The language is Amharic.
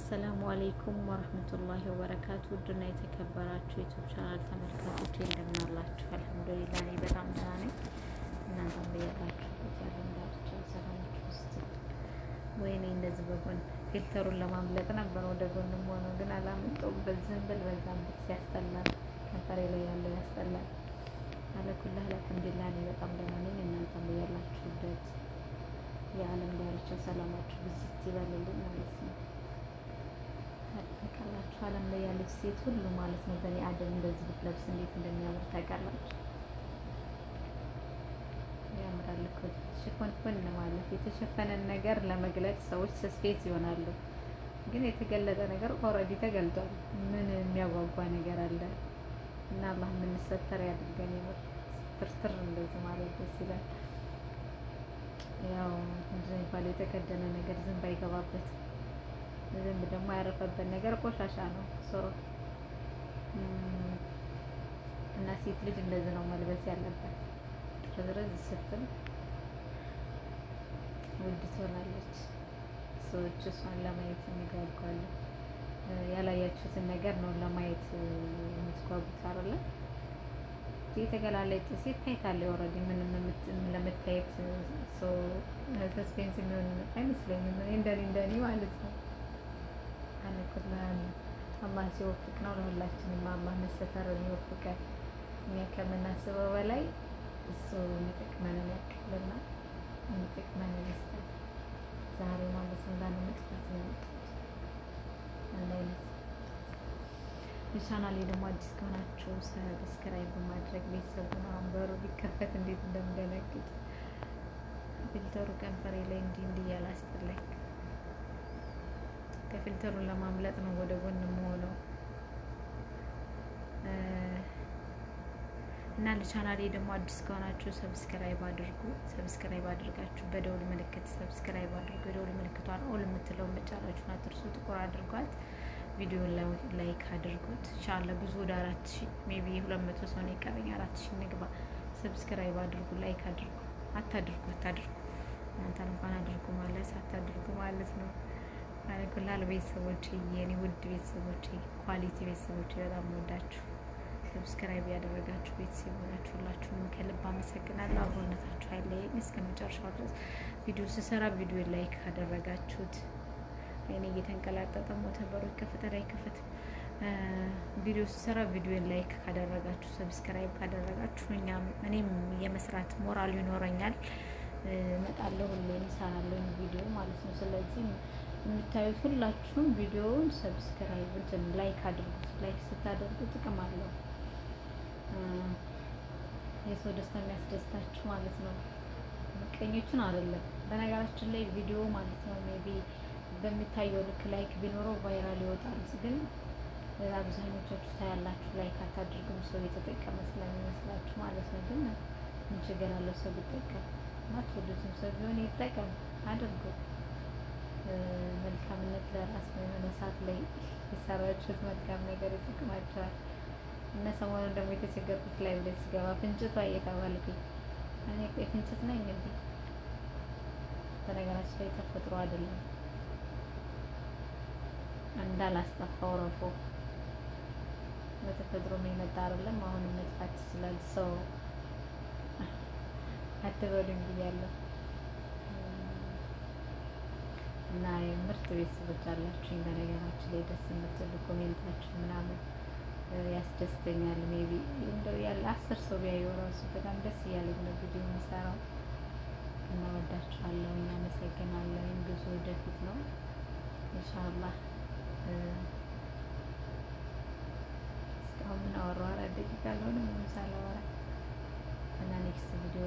አሰላሙ አሌይኩም ወረህመቱላሂ ወበረካቱ ውድና የተከበራችሁ ዩቱብ ቻናል ተመልካቾች እንደምናላችሁ፣ አልሐምዱሊላ እኔ በጣም ደህና ነኝ። እናንተም በያላችሁ ያለንዳርቻ ሰላማችሁ ውስጥ። ወይኔ እንደዚህ በጎን ፊልተሩን ለማምለጥ ነበር ወደ ጎን ሆነው ግን አላመጣሁም። በዚህም ብል በዛም ብል ሲያስጠላል፣ ከንፈሬ ላይ ያለው ያስጠላል። አለኩላ አልሐምዱሊላ እኔ በጣም ደህና ነኝ። እናንተም በያላችሁበት የዓለም ዳርቻ ሰላማችሁ ብዝት ይበልልኝ ማለት ነው። ታውቃላችሁ። ዓለም ላይ ያለች ሴት ሁሉ ማለት ነው በእኔ አደም እንደዚህ ብትለብስ እንዴት እንደሚያምር ታውቃላችሁ። ያምራል እኮ ሽፍንፍን ማለት የተሸፈነን ነገር ለመግለጽ ሰዎች ሰስፔት ይሆናሉ። ግን የተገለጠ ነገር ኦልሬዲ ተገልጧል። ምን የሚያጓጓ ነገር አለ? እና አላህ የምንሰተር ያድርገን። ይወጥ ስትርትር እንደዚህ ማለት ደስ ይላል። ያው እንደዚህ ባለ የተከደነ ነገር ዝም ባይገባበት ዝንብ ደግሞ ያረፈበት ነገር ቆሻሻ ነው። እና ሴት ልጅ እንደዚህ ነው መልበስ ያለበት። ጥርዝርዝ ስትል ውድ ትሆናለች። ሰዎች እሷን ለማየት የሚጓጓሉ። ያላያችሁትን ነገር ነው ለማየት የምትጓጉት አይደለ? የተገላለጠ ሴት ታይታለች ኦልሬዲ። ምንም ለመታየት ሰው ሰስፔንስ የሚሆን አይመስለኝም እንደኔ እንደኔ ማለት ነው። ሀኒኩል አሚን። አላህ ሲወፍቅ ነው። ለሁላችንም አላህ መሰተርን ይወፍቀን። እኛ ከምናስበው በላይ እሱ የሚጠቅመንን ያቅልና የሚጠቅመንን ይስጠን። ዛሬ ማለት ነው ላለመጥፋት ነው የመጣሁት። አንድ አይነት የቻናሌ ደግሞ አዲስ ከሆናችሁ ሰብስክራይብ በማድረግ ቤተሰብ በመሆን በሩ ቢከፈት እንዴት እንደምደነግጥ ፊልተሩ ከንፈሬ ላይ እንዲህ እንዲህ እያለ ፊልተሩን ለማምለጥ ነው ወደ ጎን የምሆነው እና ለቻናሌ ደግሞ አዲስ ከሆናችሁ ሰብስክራይብ አድርጉ። ሰብስክራይብ አድርጋችሁ በደውል ምልክት ሰብስክራይብ አድርጉ። የደውል ምልክቷን ኦል የምትለው መጫናችሁን አትርሱ። ጥቁር አድርጓት። ቪዲዮ ላይክ አድርጉት። ቻለ ብዙ ወደ አራት ሺ ሜቢ ሁለት መቶ ሰው ነው የቀረኝ። አራት ሺ ንግባ። ሰብስክራይብ አድርጉ፣ ላይክ አድርጉ። አታድርጉ አታድርጉ እናንተን እንኳን አድርጉ ማለት አታድርጉ ማለት ነው። ባለኩላል ቤተሰቦች፣ የኔ ውድ ቤተሰቦች፣ ኳሊቲ ቤተሰቦች በጣም ወዳችሁ ሰብስክራይብ ያደረጋችሁ ቤተሰብ ሆናችሁ ሁላችሁም ከልብ አመሰግናለሁ። አብሮነታችሁ አይለየኝ እስከ መጨረሻው ድረስ። ቪዲዮ ስሰራ ቪዲዮ ላይክ ካደረጋችሁት እኔ እየተንቀላጠጠ ሞተ በሩ ይከፈተ ላይ ከፈት ቪዲዮ ስሰራ ቪዲዮ ላይክ ካደረጋችሁ ሰብስክራይብ ካደረጋችሁ እኛም እኔም የመስራት ሞራል ይኖረኛል። እመጣለሁ፣ ሁሌም እሰራለሁ ቪዲዮ ማለት ነው። ስለዚህ የምታዩት ሁላችሁም ቪዲዮውን ሰብስክራይብ እንትን ላይክ አድርጉት። ላይክ ስታደርጉ ጥቅም አለው። የሰው ደስታ የሚያስደስታችሁ ማለት ነው። ምቀኞችን አይደለም። በነገራችን ላይ ቪዲዮ ማለት ነው ሜቢ በሚታየው ልክ ላይክ ቢኖረው ቫይራል ይወጣል። ግን አብዛኞቻችሁ ታያላችሁ ላይክ አታድርጉም። ሰው የተጠቀመ ስለሚመስላችሁ ማለት ነው። ግን ምን ችግር አለው ሰው ቢጠቀም ማትወዱትም ሰው ቢሆን ይጠቀም አድርጉት። መልካምነት ለራስ መነሳት ላይ የሰራችሁት መልካም ነገር ይጠቅማቸዋል። እና ሰሞኑን ደግሞ የተቸገርኩት ላይ ብለ ስገባ ፍንጭቷ እየተባልኩኝ እኔ ፍንጭት ነኝ እንዴ? በነገራችን ላይ ተፈጥሮ አይደለም እንዳላስጠፋው ረፎ በተፈጥሮ የሚመጣ አይደለም። አሁንም መጥፋት ይችላል። ሰው አትበሉኝ ብያለሁ። እና የምርጥ ቤተሰቦች አላችሁኝ። በነገራችን ላይ ደስ የምትሉ ኮሜንታችሁ ምናምን ያስደስተኛል። ሜቢ እንደው ያለ አስር ሰው ቢያየው ራሱ በጣም ደስ እያለኝ ነው ቪዲዮ የምሰራው እና ወዳችኋለሁ፣ አመሰግናለሁ። ብዙ ወደፊት ነው ኢንሻአላህ። እስካሁን ምን አወራሁ? አራት ደቂቃ አልሆነም ምንም ሳላወራ እና ኔክስት ቪዲዮ